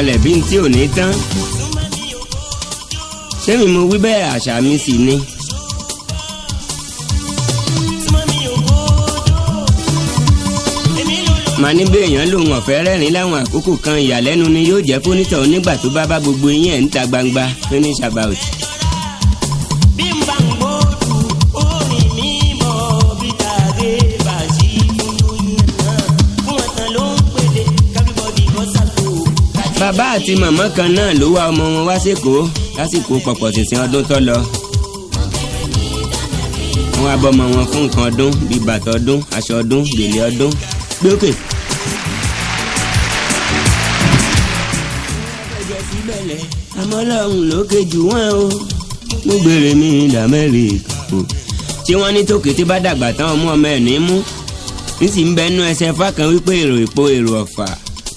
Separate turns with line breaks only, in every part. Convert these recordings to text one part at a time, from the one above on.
balẹ̀ bí n tí ò ní tán sẹ́mi mo wí bẹ́ẹ̀ àṣà mi sì ni. màá ní bí èèyàn lòun ọ̀fẹ́ rẹ́rìn láwọn àkókò kan ìyàlẹ́nu ni yóò jẹ́ fónítọ̀ nígbà tó bá bá gbogbo yín ẹ̀ ń ta gbangba finish about. bàbá àti màmá kan náà ló wá ọmọ wọn wá sékòó lásìkò pọ̀pọ̀ ṣìnṣìn ọdún tó lọ wọn abọmọ wọn fún nǹkan ọdún bíi bàtà ọdún aṣọ ọdún gèlè ọdún gbókè. àmọ́ ọlọ́run lókè jù wọ́n o mú gbèrè mi ìdá mẹ́rin ìkàkó tí wọ́n ní tòkété bá dàgbà tán ọmú ọmọ ẹ̀ ní mú nísìnyí bẹ́ẹ̀ nú ẹsẹ̀ fákan wípé èrò ìpo èrò ọ̀fà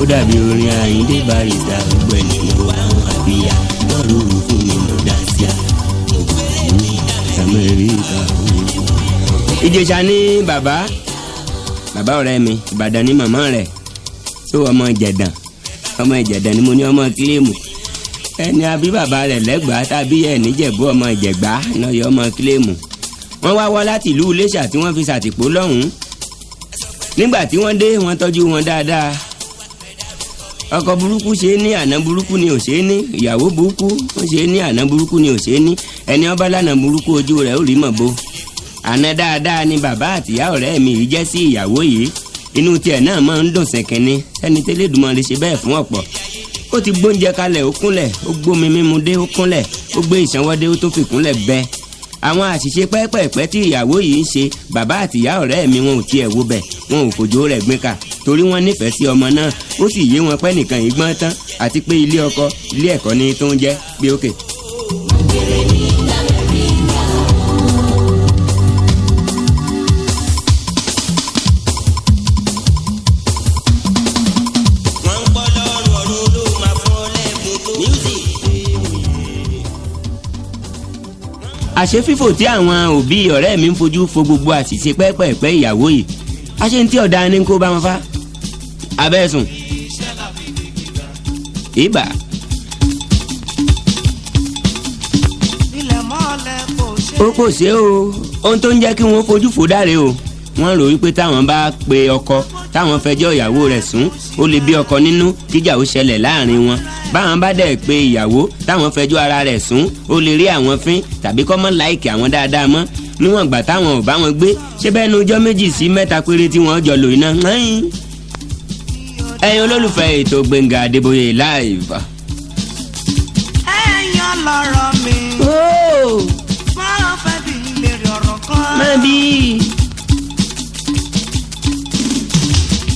ó dàbí orin Àyìndé Bàrísítà gbogbo ènìyàn wà ń àbíyá lọ́rùn òun fún mi mo dá sí a Amẹ́ríkà. Ìjẹ̀ṣà ní bàbá bàbá ọ̀rẹ́ mi Ìbàdàn ní màmá rẹ̀ tó ọmọ Ìjẹ̀dàn ọmọ Ìjẹ̀dàn ni mo ní ọmọ kílèmù ẹni àbí bàbá rẹ̀ lẹ́gbàá tàbí ẹ̀ níjẹ̀bú ọmọ Ìjẹ̀gbá náà yọ ọmọ kílèmù wọ́n wá wá láti ìlú Iléṣà tí wọ́n fi ṣàtìpó lọ́hùn-ún nígbà tí wọ́n dé wọ́n tọ́jú wọn dáadáa ọkọ burúkú ṣe é ní àná burúkú ni ò ṣe é ní ìyàwó burúkú ó ṣe é ní àná burúkú ni ò ṣe é ní ẹni ọba lànà burúkú ojú rẹ̀ ó rí mọ̀ bó àná dáadáa ni bàbá àtìyá ọ̀rẹ́ mi yìí jẹ́ sí ìyàwó yìí inú tiẹ̀ náà máa ń dùn sẹ̀kẹ̀ni ẹni tẹ́lẹ̀dùmọ̀ lè ṣe bẹ́ẹ̀ fún ọ̀pọ̀ ó ti gbóúnjẹ kalẹ̀ ó kúnlẹ̀ ó gbómi mímu dé ó kúnlẹ̀ ó gbé ìsanwọ́dé ó tó fi kúnlẹ̀ bẹ́ẹ̀ àwọn àṣìṣe pẹ́ẹ́pẹ́ẹ́pẹ́ tí ìyàwó yìí ń ṣe bàbá àtìyá ọ̀rẹ́ mi wọn ò tiẹ̀ wo bẹ̀ wọn ò kòjó rẹ̀ gbé kà torí wọ́n nífẹ̀ẹ́ sí ọmọ náà ó sì yé wọn pẹ́ nìkan yìí gbọ́n tán àti pé ilé ọkọ ilé ẹ̀kọ́ ni tó ń jẹ́ pé ókè. àṣé tí àwọn òbí ọ̀rẹ́ mi ń fojú fo gbogbo àṣìṣe pẹ́ẹ́pẹ́ẹ́pẹ́ ìyàwó yìí àṣé ń tí ọ̀daràn ni kó bá wọn fá abẹ́sùn ibà. ó kò ṣe o ohun tó ń jẹ́ kí wọ́n fojú fò dáre o wọ́n rò wípé táwọn bá pe ọkọ táwọn fẹjọ́ ìyàwó rẹ̀ sùn ó lè bí ọkọ nínú kíjà ó ṣẹlẹ̀ láàrin wọn báwọn bá dẹ̀ pe ìyàwó táwọn fẹjọ́ ara rẹ̀ sùn ó lè rí àwọn fín tàbí kọ́ mọ́ láìkì àwọn dáadáa mọ́ níwọ̀n gbà táwọn ò bá wọn gbé ṣé bẹ́ẹ̀ nu ọjọ́ méjì sí mẹ́ta péré tí wọ́n jọ lò iná ẹ̀yin olólùfẹ́ ètò Gbẹ̀ngà Adébóyè live. ẹ̀yin ọlọ́rọ̀ mi. fọlọ́ oh. fẹ́ bí lèrè ọ̀rọ̀ kan. má bí.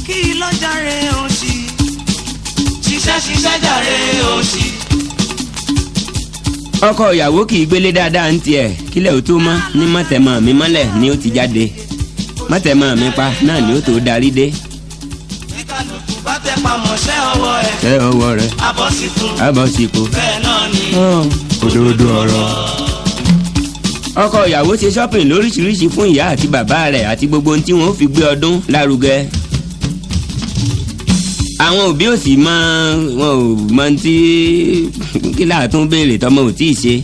kí ló jàre òṣì ṣiṣẹ́ ṣiṣẹ́ jàre òṣì. ọkọ ìyàwó kì í gbélé dáadáa ń tiẹ̀ kílẹ̀ ó tó mọ́ ní mọ̀tẹ̀mọ́ mi mọ́lẹ̀ ni ó ti jáde mọ̀tẹ̀mọ́ mi pa náà ni ó tó darí dé pamọ́ṣẹ́ ọwọ́ rẹ̀. ṣé ọwọ́ rẹ̀. abọ́síkú. abọ́síkú. bẹ́ẹ̀ náà ni. Hmm. òdodo ọkọ ìyàwó ṣe shopping lóríṣiríṣi fún ìyá àti bàbá rẹ̀ àti gbogbo ohun tí wọ́n fi gbé ọdún lárugẹ àwọn òbí ò sì mọ wọn ò mọ tí kí láà béèrè tọmọ ò tí ì ṣe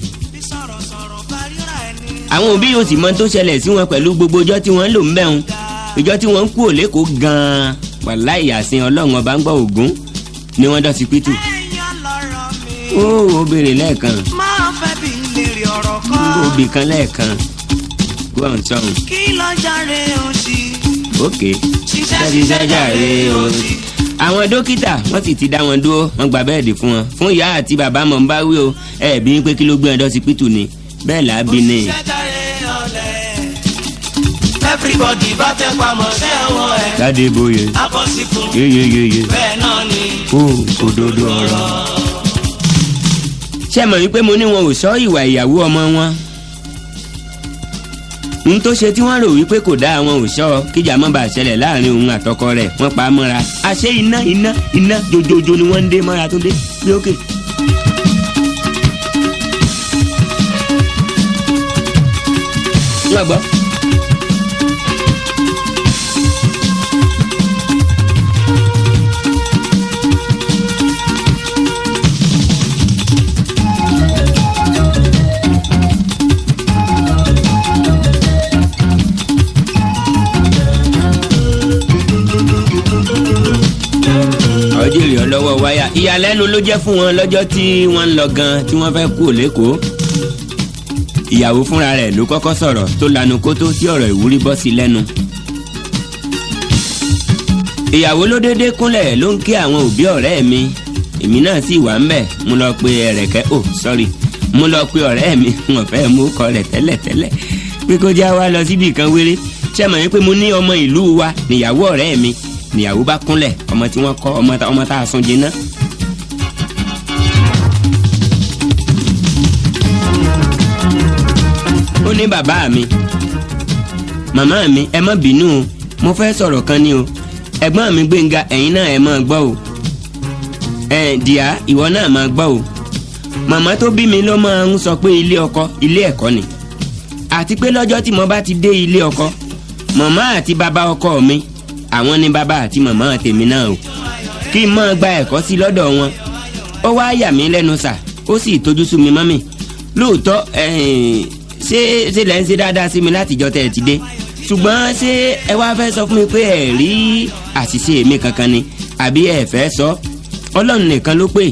àwọn òbí ò sì mọ tó ṣẹlẹ̀ sí wọn pẹ̀lú gbogbo ọjọ́ tí wọ́n lò ń bẹ̀rùn ìjọ tí wọ́n ń kú òlékòó gan-an wàlá ìyàsìn ọlọ́run ọba ń gbọ́ ògún ni wọ́n dọ́sí pítù. ó ò béèrè lẹ́ẹ̀kan. máa fẹ́ bí lèrè ọ̀rọ̀ kan. ó bì kan lẹ́ẹ̀kan. gbọ́ ọ̀n sọ̀rọ̀. kí lọ jàre òsì. ok ṣiṣẹ́ ṣiṣẹ́ jàre òsì. àwọn dókítà wọ́n sì ti dá wọn dúró wọ́n gba bẹ́ẹ̀dì fún wọn fún ìyá àti bàbá mọ̀ ń bá wí o ẹ̀ẹ́bí pé kí ló gbé wọn dọ́sí pítù ni bẹ́ẹ̀ làá bí ni. òṣìṣẹ́ jà everybody bá tẹ pamọ́ ṣẹ́ ọwọ́ ẹ̀. Ládébóyè akọ́síkún yeyeyeye bẹ́ẹ̀ náà ni kú òdodo ọ̀rọ̀. ṣé ẹ mọ̀ wípé mo ní wọn ò sọ ìwà ìyàwó ọmọ wọn n tó ṣe tí wọ́n rò wípé kò dáa wọn ò sọ kíjà mọ́ bá ṣẹlẹ̀ láàrin òun àtọkọ rẹ̀ wọ́n pa á mọ́ra àṣé iná iná iná jojojo ni wọ́n ń dé mọ́ra tó dé lókè. Okay. gbàgbọ́. wáyà ìyàlẹ́nu ló jẹ́ fún wọn lọ́jọ́ tí wọ́n ń lọ gan tí wọ́n fẹ́ kú lẹ́kọ̀ọ́ ìyàwó fúnra rẹ̀ ló kọ́kọ́ sọ̀rọ̀ tó lanu kótó tí ọ̀rọ̀ ìwúrí bọ́ sí lẹ́nu ìyàwó ló déédéé kúnlẹ̀ ló ń kí àwọn òbí ọ̀rẹ́ mi èmi náà sì wà ńbẹ̀ mo lọ pe ẹ̀rẹ̀kẹ́ oh sorry mo lọ pe ọ̀rẹ́ mi wọn fẹ́ mú kọ rẹ̀ tẹ́lẹ̀tẹ́lẹ̀ pé kó já wa lọ síbi kan wéré ṣé mọ̀ yín pé mo ní ọmọ ìlú wa níyàwó ọ̀rẹ́ mi níyàwó bá kúnlẹ̀ ọmọ tí wọ́n kọ́ ọmọ tá a sún jiná. ó ní bàbá mi màmá mi ẹ má bínú o mo fẹ́ sọ̀rọ̀ kan ni o ẹ̀gbọ́n mi gbẹ̀ngà ẹ̀yin náà ẹ máa gbọ́ o ẹ̀ dìá ìwọ náà máa gbọ́ o màmá tó bí mi ló máa ń sọ pé ilé ọkọ ilé ẹ̀kọ́ ni àti pé lọ́jọ́ tí mo bá ti dé ilé ọkọ màmá àti bàbá ọkọ mi àwọn ní bàbá àti màmá tèmi náà o kí n máa gba ẹ̀kọ́ sí lọ́dọ̀ wọn ó wá yà mí lẹ́nu sà ó sì tójú sú mi mọ́mì lóòótọ́ ṣé ṣe lẹ́ ń ṣe dáadáa sí mi látijọ́ tẹ̀ ti dé ṣùgbọ́n ṣé ẹ wá fẹ́ sọ fún mi pé ẹ rí àṣìṣe mi kankan ni àbí ẹ fẹ́ sọ ọlọ́run nìkan ló pè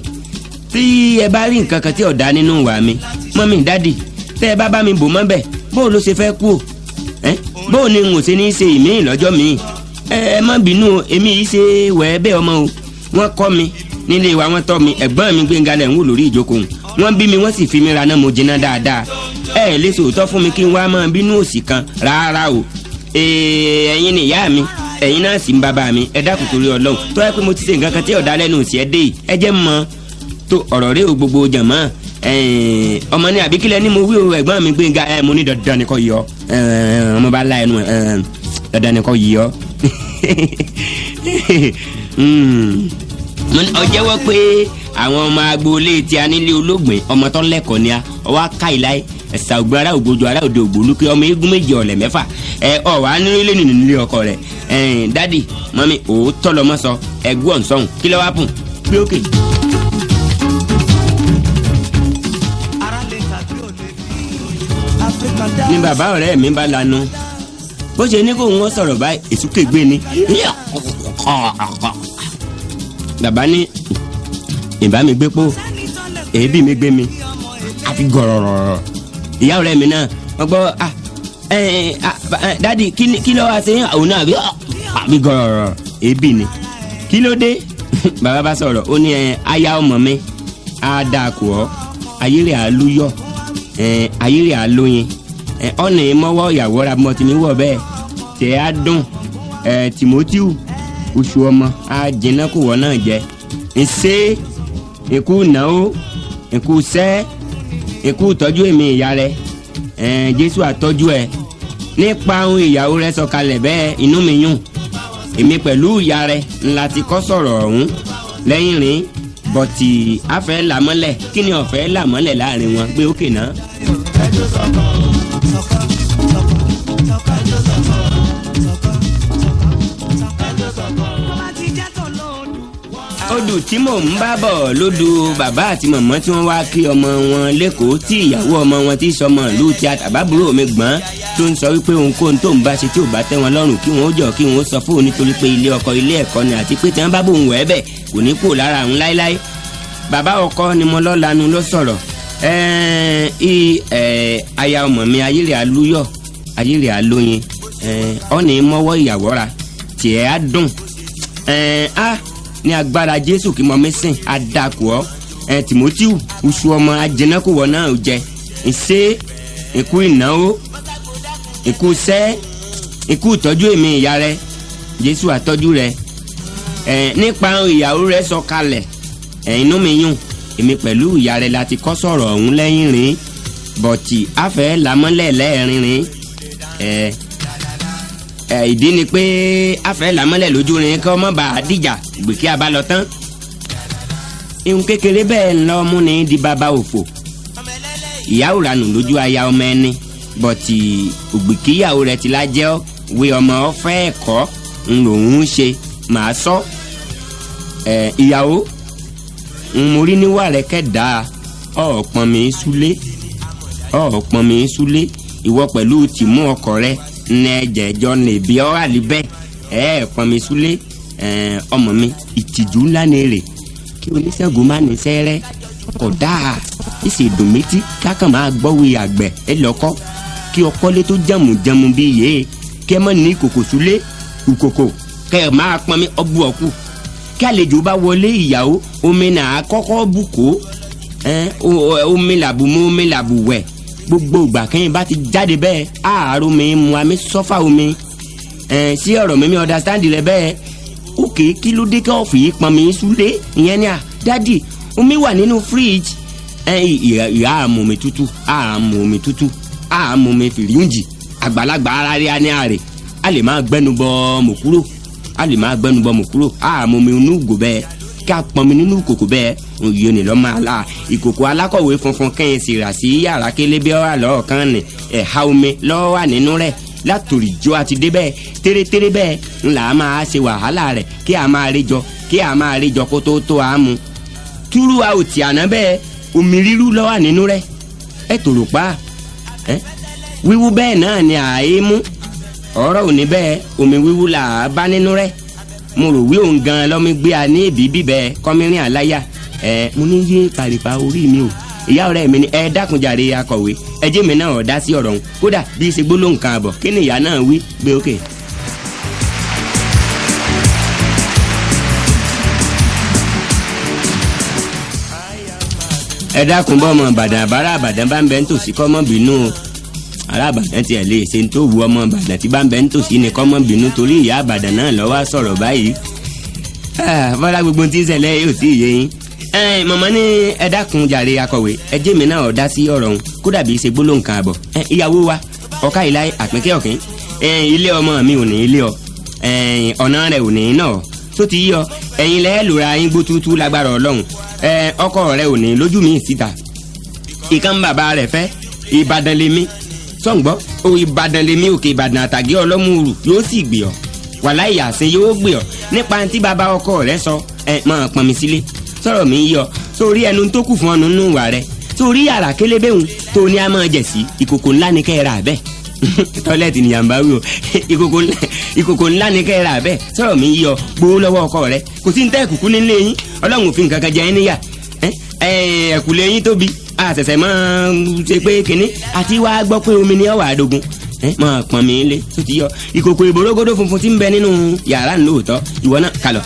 tí ẹ bá rí nǹkan kan tí ọ̀dà nínú wà mí mọ́mì dádì tẹ́ ẹ bá bá mi bò mọ́bẹ̀ bóò ló ṣe fẹ́ kú o bóò ni n ò ṣe ní í ṣe ìmíì lọ́jọ́ míì ẹ má bínú o èmi yìí ṣe wẹ́ẹ́ bẹ́ẹ̀ ọmọ o wọ́n kọ́ mi nílé wa wọ́n tọ́ mi ẹ̀gbọ́n mi gbẹ̀ngà lẹ̀ ń wò lórí ìjókòó wọ́n bí mi wọ́n sì fi mi raná mo jiná dáadáa ẹ ẹ lè sòótọ́ fún mi kí n wá máa bínú òsì kan rárá o ẹ̀yin ni ìyá mi ẹ̀yin náà sì ń bàbá mi ẹ dákun torí ọlọ́run tó yẹ pé mo ti ṣe nǹkan kan tí ọ̀dà lẹ́nu òsì ẹ dé yìí ẹ jẹ́ mọ́ tó ọ̀rọ̀ rẹ o gbogbo jàmọ́ ọmọ ní àbíkílẹ̀ ni mo wí o ẹ̀gbọ́n mi gbẹ̀ngà ẹ mo ní dandan ni kò yọ ọmọ bá la ẹnu dandan ni kò yọ ọjẹ́wọ́ hmm. pé àwọn ọmọ agboolé tí a nílé olóògbé ọmọ tó ń lẹ́kọ̀ọ́ ni a ọwọ́ aká ìláyé ẹ̀sà ògbó ara ògbójú ara òde ògbólúkẹ́ ọmọ eégún méje ọ̀lẹ̀ mẹ́fà ẹ ọ̀wá nílé nínú ilé ọkọ rẹ̀ ẹ̀ẹ́n dádì mọ́mí òótọ́ lọ́mọ sọ ẹ̀gbọ́n sọ̀hún kí ló wá pùn bí ó kè. ni bàbá ọ̀rẹ́ mi bá lanu bó ṣe ní kó ń wọ́n sọ̀rọ̀ báyìí èsúkè gbé ni bàbá ní ìbá mi gbé pò èébì mi gbé mi àti gọ̀rọ̀rọ̀rọ̀ ìyá ọ̀rẹ́ mi náà wọ́n gbọ́ ah, dádì kí ló wá sí òun náà àbí ah, gọ̀rọ̀rọ̀ èébì ni kí ló dé bàbá bá sọ̀rọ̀ ó ní aya ọmọ mi á dáa kù ọ́ ayé rẹ̀ á lúyọ̀ ayé rẹ̀ á lóyin ẹ ọ̀nà ìmọ̀wọ́ ìyàwó ra mọ́ ti níwọ̀ bẹ́ẹ̀ tẹ̀ á dùn ẹ tìmọ́tíù oṣù ọmọ á jìnnà kó wọ́n náà jẹ ǹṣe èkú náwó èkú sẹ́ èkú tọ́jú èmi ìyá rẹ ẹ jésù àtọ́jú ẹ nípa ohun ìyàwó rẹ sọ̀kalẹ̀ bẹ́ẹ̀ inú mi yùn èmi pẹ̀lú ìyá rẹ ńlá ti kọ́ sọ̀rọ̀ ọ̀hún lẹ́yìn rìn bọ̀tì afẹ́ làmọ́lẹ̀ kí ni ọ̀fẹ́ làmọ́lẹ̀ láàrin wọn gbé òkè náà. odù tí mò ń bá bọ̀ lódù bàbá àti màmá tí wọ́n wá kí ọmọ wọn lẹ́kọ̀ọ́ tí ìyàwó ọmọ wọn ti sọmọ ìlú tí àtàbábúrò mi gbọ́n tó ń sọ wípé ohunkóhun tó ń bá ṣe tí ò bá tẹ́ wọn lọ́rùn kí wọ́n jọ kí wọ́n sọ fóun nítorí pé ilé ọkọ ilé ẹ̀kọ́ ni àti pé tí wọ́n bá bòun wẹ̀ bẹ́ẹ̀ kò ní kúrò lára àwọn láéláé bàbá ọkọ ni mo lọ́ọ́ lanu ló sọ̀rọ̀ aya ọmọ mi ayílè alúyọ̀ ayílè alóyin ọ̀nì mọ́wọ́ ìyàwó ra tiẹ̀ á dùn á ní agbára Jésù kí mo mẹ́sìn á dàkú ọ́ Tìmọ́tíù oṣù ọmọ ajẹnẹ́kùwọ́ náà ò jẹ ìṣe ìkú ìnáwó ìkú sẹ́ ìkú ìtọ́jú èmi ìyá rẹ Jésù àtọ́jú rẹ nípa ìyàwó rẹ̀ sọ kalẹ̀ inú mi yùn èmi pẹ̀lú ìyá rẹ̀ láti kọ́ sọ̀rọ̀ ọ̀hún lẹ́yìn rìn bọ̀tì àfẹ́ làmọ́lẹ̀ lẹ́ẹ̀rin rìn ìdí ni pé àfẹ́ làmọ́lẹ̀ lójú rìn kọ́ mọ́ bá a dìjà gbèkí a bá lọ tán ihun kékeré bẹ́ẹ̀ ńlọ mú ni di bàbá òfò ìyàwó ranù lójú aya ọmọ ẹni bọ̀tì ògbìkíyàwó rẹ̀ ti lájẹ́ wé ọmọ ọ̀fẹ́ ẹ̀kọ́ ńlòún ṣe màá sọ. So ẹ ìyàwó mo rí níwà rẹ kẹdà ọ̀pọ̀n mi súlé ọ̀pọ̀n mi súlé ìwọ pẹ̀lú tìmú ọkọ rẹ ní ẹ̀jẹ̀ jọ nìbí ọ́ àlíbẹ̀ ẹ̀ pọ̀n mi súlé ọmọ mi ìtìjú ńlá ni rè kí oníṣègùn má ní sẹ́rẹ́ ọkọ̀ dáa ìṣèdùn méjì kákan máa gbọ́wé àgbẹ̀ ẹ lọ́kọ́ kí ọkọ́lé tó jẹ̀mùjẹ̀mù bíi yé kẹ́ mọ́ ní kòkò súlé ìkòkò kẹ́ máa pọnmi ọbú ọ̀kú kí àlejò bá wọlé ìyàwó omi náà kọ́kọ́ bùkó omi làbù mú omi làbù wẹ̀ gbogbo ìgbà kẹ́yìn bá ti jáde bẹ́ẹ̀ àárò mi mu àmì sọ́fà omi sí ọ̀rọ̀ mi mi understand rẹ bẹ́ẹ̀ òkè kí ló dé kẹ́ ọ̀fìn pọn mi súlé ìyẹn ni à dádì omi wà nínú fíríjì ìyá àmú omi tútù àmú omi tútù àmú omi fìríǹjì àgbàlagbà ara rí a ní àrè a lè máa gbẹnu bọ mọ̀ a lè máa gbẹnu bọmù kúrò a mọ mi inú gò bẹ́ẹ̀ ká pọnmi nínú kòkò bẹ́ẹ̀ ń yọ ní lọ́mọ àlá ìkòkò alákọ̀wé funfun kẹ́yìn sì sí yàrá kélébé ọ̀rà lọ́ọ̀ kan nì ẹ̀ha omi lọ́wọ́ wà nínú rẹ̀ látòrí jọ àti débẹ̀ térétéré bẹ́ẹ̀ ńlá máa ṣe wàhálà rẹ̀ kí a máa rí jọ kí a máa rí jọ kó tó tó a mu túrú a ò tì àná bẹ́ẹ̀ omi rírú lọ́wọ́ nínú rẹ̀ ẹ̀ tòrò pa wíwú bẹ́ẹ̀ náà ni àáyé mú ọ̀rọ̀ ò ní bẹ́ẹ̀ omi wíwú là á bá nínú rẹ̀ mo rò wí òun gan lọ́mí gbé a ní ìbí bíbẹ́ kọ́mírìn àláyà ẹ̀ mo ní yé pàrìpà orí mi o ìyá ọ̀rẹ́ mi ni ẹ dákunjàre akọ̀wé ẹ jẹ́ mi náà dá sí ọ̀rọ̀ òun kódà bí ṣe gbólóhùn kan àbọ̀ kí ni ìyá náà wí gbé òkè. ẹ dákun bọ́ ọmọ Ìbàdàn àbárà Ìbàdàn bá ń bẹ nítòsí kọ́ mọ́ bínú o ará àbàdàn tiẹ̀ lè ṣe tó wu ọmọ àbàdàn tí bá ń bẹ nítòsí ni kọ́mọ bínú torí ìyá àbàdàn náà lọ́wọ́ sọ̀rọ̀ báyìí ah, fọlá gbogbo tí ń ṣẹlẹ̀ yóò tí ì yé yín eh, mọ̀mọ́ ní ẹ dákun jàre akọ̀wé ẹ jẹ́ mi náà ọ̀ dá sí ọ̀rọ̀ òun kódà bí ṣe gbólóhùn kan àbọ̀ eh, ìyàwó wa ọ̀ka ìlà àpínkẹ́ ọ̀kín eh, ilé ọmọ mi ò ní ilé ọ ọ̀nà rẹ̀ ò ní náà tó ti yí ọ ẹ̀yin lẹ́ẹ̀ lòra yín gbótútú lágbára ọlọ́run ọkọ rẹ̀ ò ní lójú mi síta ìkànnì bàbá rẹ̀ fẹ́ Ìbàdàn lèmi sọ̀ngbọ́ òwò ìbàdàn lèmi òkè ìbàdàn àtàgé ọlọ́mùrù yóò sì gbé ọ wàhálà ìyàsẹ́ yóò gbé ọ nípa tí bàbá ọkọ rẹ sọ ẹ máa pọn mi sílé sọ̀rọ̀ mi yọ sórí ẹnu tó kù fún ọnu nù wà rẹ sórí yàrá kélébé òun tó ní a máa jẹ sí ìkòkò ńlá ni kẹ́ ẹ rà bẹ́ẹ̀ tọ́lẹ̀tì ni yàmbá wí o ìkòkò ńlá ni kẹ́ ẹ rà bẹ́ẹ̀ sọ̀rọ̀ mi yọ gbowó lọ́wọ́ ọkọ rẹ kò sí ní tẹ́ ẹ̀kúkú nílé yín ọlọ́run òfin kankan jẹ́ ẹ́ níyà ẹ̀ẹ́dẹ̀kùlé yín tóbi àfẹ̀fẹ̀ mọ́ ṣe pé kínní àti wàá gbọ́ pé omi ni ọ̀wà àdógún mọ pọn mi lé tó ti yọ ìkòkò ìbòrógódó funfun ti ń bẹ nínú yàrá lóòótọ́ ìwọ náà kàlọ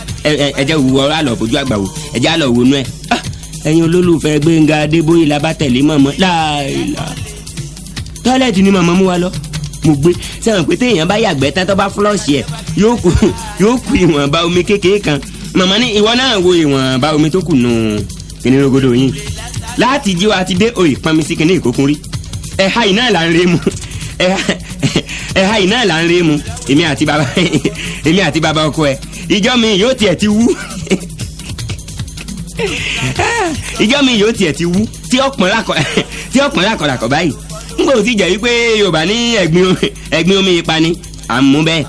ẹjẹ wọ alọ bójú àgbà wò ẹjẹ alọ wò nú ẹ ah, ẹ̀yin olólùfẹ́ Gbẹ́ngà Adébóyè labatẹlẹ mọmọ láìla tọ́lẹ̀tì ni màmá mú wa lọ mo gbé sẹ́wọ̀n pé téèyàn bá yàgbẹ́ tán tó bá fúlọ́ọ̀ṣì ẹ̀ yóò kú ìwọ̀nba omi kékeré kan màmá ní ìwọ náà wo ìwọ̀nba omi tó kù nù kínírógódó yìí láti jí wa ti dé òye pọnmi sí kinní ìkókun rí ẹ̀ha yìí náà là ń re mu ẹ̀ha yìí náà là ń re mu èmi àti bàbá èmi àti bàbá ọkọ ẹ̀ ìjọ mi yóò tiẹ̀ ti wú ìjọ mi yóò tiẹ̀ ti wú tí ọ̀pọ̀n lakọ̀ tí ọ̀pọ̀n lakọ̀ lakọ̀ báyìí n kò sì jẹ́ wípé Yorùbá ní ẹ̀gbin omi ìpa àmú bẹ́ẹ̀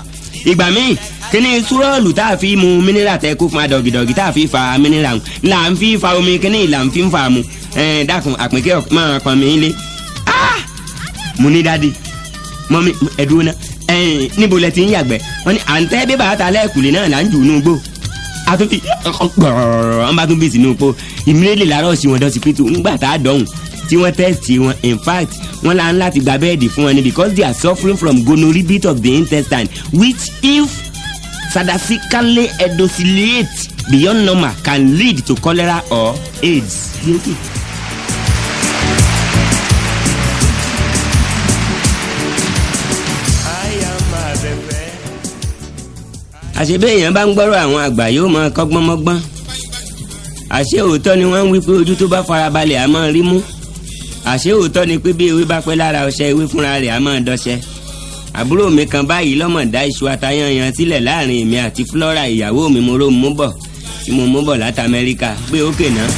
ìgbà míì kíní túrọ́ọ̀lù tá a fi mu mineral tẹ kó fún adọ̀gìdọ̀gì tá a fi fa mineral là ń fi fa omi kíní là ń fi fa mu ẹ dákun àpínkẹ́ máa pọn mi lé ah! mo ní dáadé mọ́mí ẹ̀dúró náà ẹ̀yìn níbo lẹ ti ń yàgbẹ́ wọ́n ní à ń tẹ́ bébà ta lẹ́ẹ̀kùlé náà là ń jù nú gbó a tún fi gbọ̀rọ̀ wọ́n bá tún bí sínú po ìmúlẹ̀lẹ̀ làárọ̀ sí wọn dọ́sí pító ńgbà tá a dọ̀hùn tí wọ́n tẹ́sítì wọn in fact wọ́n la ń láti gba bẹ́ẹ̀dì fún wọn ni because they are suffering from gonorrhea bit of the intestine which if Sadaffically ethically beyond normal can lead to cholera or AIDS. àṣebí èèyàn bá ń gbọ́rọ̀ àwọn àgbà yóò máa kọ́gbọ́n mọ́gbọ́n àṣé òótọ́ ni wọ́n ń wí pé ojú tó bá farabalẹ̀ á máa rí àṣé òótọ́ ni pé bí ewé bá pẹ́ lára ọṣẹ ewé fúnra rẹ̀ á máa àbúrò mi kan báyìí lọ́mọ̀dá iṣu atayanyan sílẹ̀ láàrin èmi àti Flora ìyàwó mi mo ró mú bọ̀ tí mo mú bọ̀ láti Amẹ́ríkà gbé òkè náà.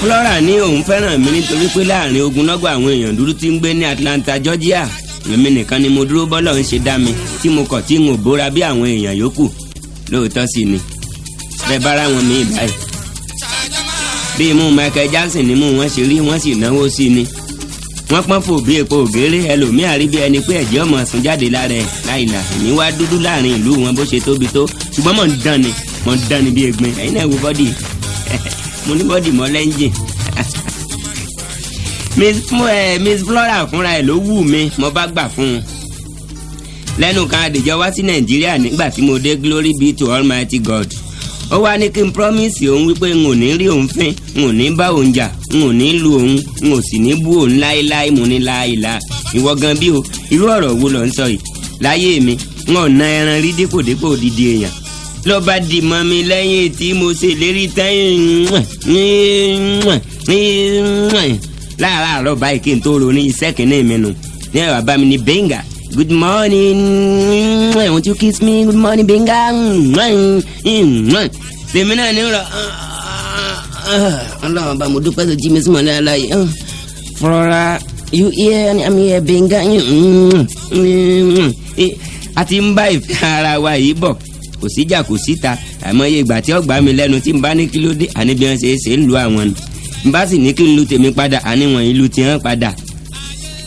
Flora ní òun fẹ́ràn mi nítorí pé láàrin ogunlọ́gọ̀ àwọn èèyàn dúdú tí ń gbé ní Atlanta, Georgia èmi nìkan ni mo dúró bọ́lọ̀ ń ṣe dá mi tí mo kọ̀ tí n ò bóra bí àwọn èèyàn yòókù lóòótọ́ sì ni fẹ́ bára wọn mí báyìí bí imú Michael Jackson ni mú wọn ṣe rí wọn sì náwó sí ni wọ́n pọ́n fò bí epo ògèrè ẹlòmíì àrí bí ẹni pé ẹ̀jẹ̀ ọmọ sùn jáde lára ẹ̀ láìla èmi wá dúdú láàrin ìlú wọn bó ṣe tóbi tó ṣùgbọ́n mọ̀ ń dán ni mọ̀ ń dán ni bí egbin ẹ̀yin náà wo bọ́dì mo ní bọ́dì mọ́ lẹ́ńjìn miss flora fúnra ẹ̀ ló wù mí mo bá gbà fún un lẹ́nu kan àdìjọ wá sí nàìjíríà nígbà tí mo dé glory be to almighty god ó wá ní kí n promise òun wípé n ò ní rí òun fín n ò ní bá òun jà n ò ní lu òun n ò sì ní bú òun láéláé mo ní láìla ìwọ gan bí o irú ọ̀rọ̀ wo lọ ń sọ yìí láyé mi n ò na ẹran rí dípò dípò dídì èèyàn ló bá dì mọ́ mi lẹ́yìn tí mo ṣe lérí tẹ́yìn láàárọ̀ báyìí kí n tó ronú iṣẹ́ kìíní mi nù ní ẹ̀rọ àbámi ní bẹ́ńgà Good morning, won't you kiss me? Good morning, Benga. Fèmí náà ní rọ ọlọ́run bá mo dúpẹ́ tó jí mi sí mọ̀lẹ́ aláyé. Fọlọ́ra you hear I'm here Benga. A ti ń bá ìfẹ́ ara wa yìí bọ̀ kò síjà kò síta àmọye ìgbà tí ọgbà mi lẹ́nu tí n bá ní kí ló dé àní bí wọ́n ṣe é ṣe ń lu àwọn ni n bá sì ní kí n lu tèmi padà àní wọ̀nyí lu tiwọn padà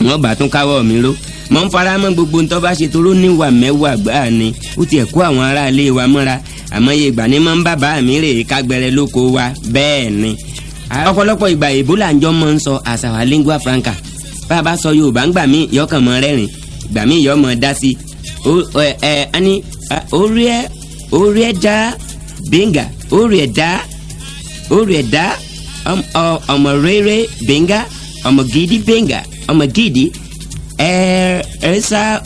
wọ́n bá tún káwọ́ mi ró mọ̀ ń fara mọ́ gbogbo ń tọ́ba ṣe toró níwà mẹ́wàá gbáà ni ó tiẹ̀ kó àwọn aráalé wa mọ́ra àmọ́ iye ìgbà ni máa ń bàbá mi rè é kágbẹ́rẹ́ lóko wa bẹ́ẹ̀ ni. ọ̀pọ̀lọpọ̀ ìgbà Ebola ń jọ mọ́ ń sọ àṣàwà lingua franca bá a bá sọ Yorùbá ń gbà mí yọkàn mọ́ rẹ́rìn ìgbà mí yọ mọ́ dá sí i. orí ẹ orí ẹ dá bẹ́ńgà orí ẹ dá orí ẹ dá ọmọ rere bẹ́ńgà ọmọ gidi bẹ́ńgà ọmọ gidi ẹ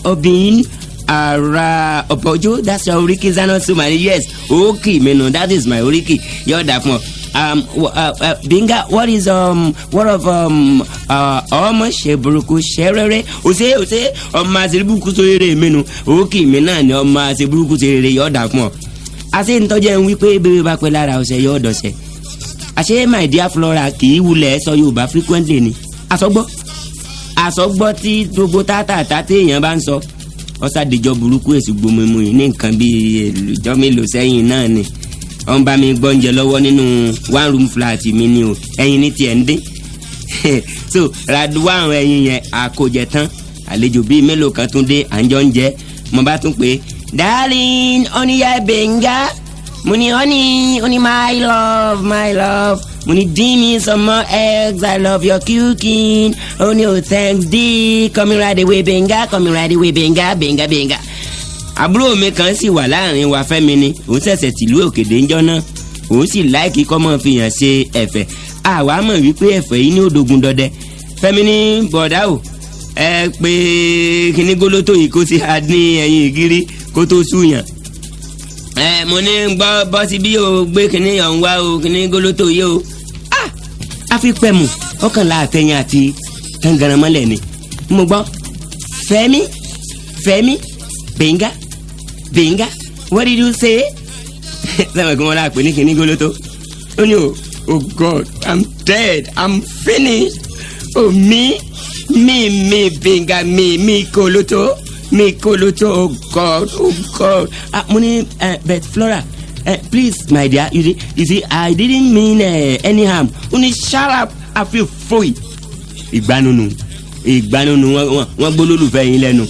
obìnrin ara ọ̀pọ̀jọ́ that's your oriki zana sumari yes okay menu that is my oriki yóò dà fún ọ. Um, uh, uh, Binga, what is um, what of um, uh, ọmọ ṣe burúkú ṣe rere òṣè òṣè ọmọ àṣẹ burúkú tó rere mẹnu òkè mi náà ni ọmọ àṣẹ burúkú tó rere yóò dà fún ọ. àṣẹ ìtọ́jú ẹ̀ ń wí pé bébè bá pẹ́ lára ọ̀sẹ̀ yóò dọ̀sẹ̀ àṣẹ my dear Flora kì í wulẹ̀ sọ Yorùbá frequently ni àsọgbọ́ àsọgbọ́ tí gbogbo tátàtà tí èèyàn bá ń sọ ọ̀sàdìjọ burúkú èsì gbomimu yìí ní nǹkan bíi ìjọ mélòó sẹ́yìn náà ni wọ́n bá mi gbọ́ oúnjẹ lọ́wọ́ nínú one room flat mi ni o ẹyin ní tiẹ̀ ń dín so raduwan ẹyin yẹn àkójẹ tán àlejò bíi mélòó kan tún dé à ń jọ ń mo bá tún pé darling oníyàbẹ̀ngà mo ní honey honey my love my love mo ní dín mi some more eggs i love your cooking honey oh thanks dee coming right away benga coming right away benga benga benga àbúrò mi kan sì wà láàrin wa fẹ́mi ni òun ṣẹ̀ṣẹ̀ tìlú òkèdè ńjọ́ náà òun sì láìkí kọ́mọ fi hàn ṣe ẹ̀fẹ̀ àwa mọ̀ wípé ẹ̀fẹ̀ yìí ní òdògùn dọdẹ fẹ́mi ní bọ̀dá o ẹ pé kíní gólótó yìí kó ti ha ní ẹ̀yìn ìgírí kó tó súyàn ẹ mo ní gbọ́ bọ́ sí bí o gbé kínní ọ̀hún wá o kínní gólótó yé o ah afipẹ̀mù ọkànlá àtẹ̀yìn àti tangaramọ́lẹ̀ ni mo gbọ́ fẹ́mi fẹ́mi bẹ̀ngà bẹ̀ngà what did you say? sábà kí wọ́n lá pè ní kínní gólótó ó ní o oh, oh god i'm dead i'm finished oh mi mi mi bẹ̀ngà mi mi kólótó mi kolo to, oh god oh god ah mo ní uh, eh, bet flora uh, please my dear you see you see i didn't mean eh any harm o ní I feel free. ìgbanunu ìgbanunu wọn wọn gbólólùfẹ́ yín lẹ́nu.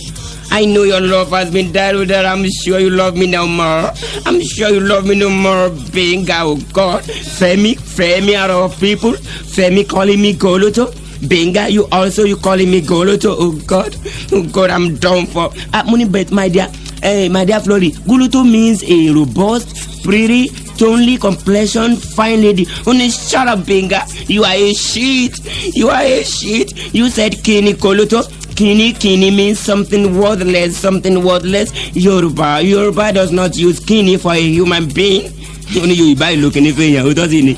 I know your love has been diluted. Oh I'm sure you love me no more. I'm sure you love me no more, being oh God. Femi, Femi out of people. Femi calling me Goloto. Benga, you also you calling me Goloto. Oh God, oh God, I'm done for. Uh, ah, money bet, my dear, hey, eh, my dear Flori, Goloto means a robust, pretty, tonely complexion fine lady only shut up Benga. You are a shit. You are a shit. You said Kini Goloto kini kini means something worthless, something worthless. Yoruba Yoruba does not use kini for a human being. Only Yoruba Yorùbá ìlú kìíní fún èèyàn òótọ́ sí ni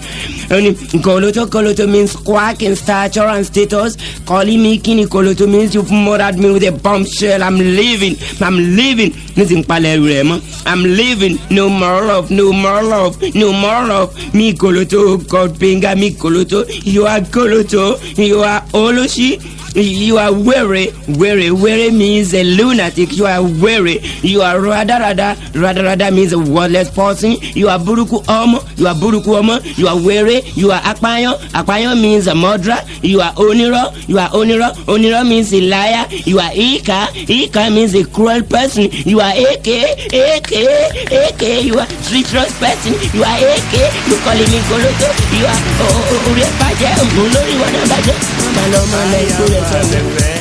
ó ní kòlótó means quack in stature and status calling me kini kòlótó means you murdered me with a bombshell i'm leaving i'm leaving ní sì ń palẹ̀ ẹrù i'm leaving no more love no more love no more love mi kòlótó god benga mi kòlótó you are kòlótó you are olóṣì. You are weary. Weary. Weary means a lunatic. You are weary. You are rada rada. Rada rada means a worthless person. You are buruku omo. You are buruku omo. You are weary. You are akpayon. Akpayon means a murderer. You are oniro. You are oniro. Oniro means a liar. You are ika. Ika means a cruel person. You are AK. AK. AK. You are treacherous person. You are AK. You calling me goloto. You are oh, ẹ̀ bàjẹ́ òun lórí wọn náà bàjẹ́. Màmá lọ́mọ lẹ́yìn tó rẹ̀. fazer festa. É